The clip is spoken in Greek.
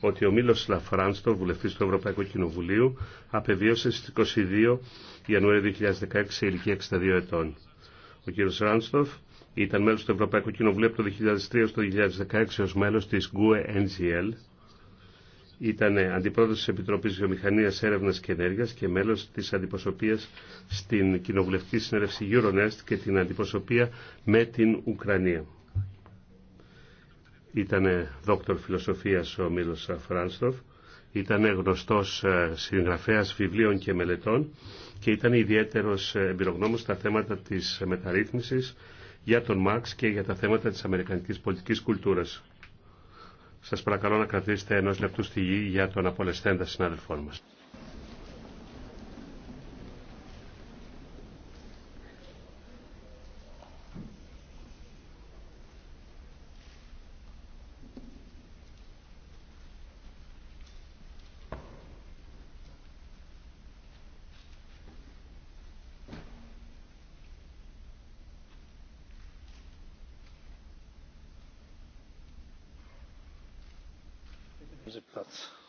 ότι ο Μίλος Λαφράνστο, βουλευτής του Ευρωπαϊκού Κοινοβουλίου, απεβίωσε στις 22 Ιανουαρίου 2016 σε ηλικία 62 ετών. Ο κ. Ράνστοφ ήταν μέλος του Ευρωπαϊκού Κοινοβουλίου από το 2003 το 2016 ω μέλος της GUE-NGL. Ήταν αντιπρόεδρο τη Επιτροπή Βιομηχανία, Έρευνα και ενέργεια και μέλος της αντιπροσωπείας στην κοινοβουλευτική συνέλευση Euronest και την αντιπροσωπεία με την Ουκρανία. Ήταν δόκτωρ φιλοσοφίας ο Μίλος Φράνστοφ, ήταν γνωστός ε, συγγραφέας βιβλίων και μελετών και ήταν ιδιαίτερος ε, εμπειρογνώμος στα θέματα της μεταρρύθμισης για τον Μάξ και για τα θέματα της αμερικανικής πολιτικής κουλτούρας. Σας παρακαλώ να κρατήσετε ενός λεπτού στη γη για τον απολεσθέντα συνάδελφό μας. nehmen sie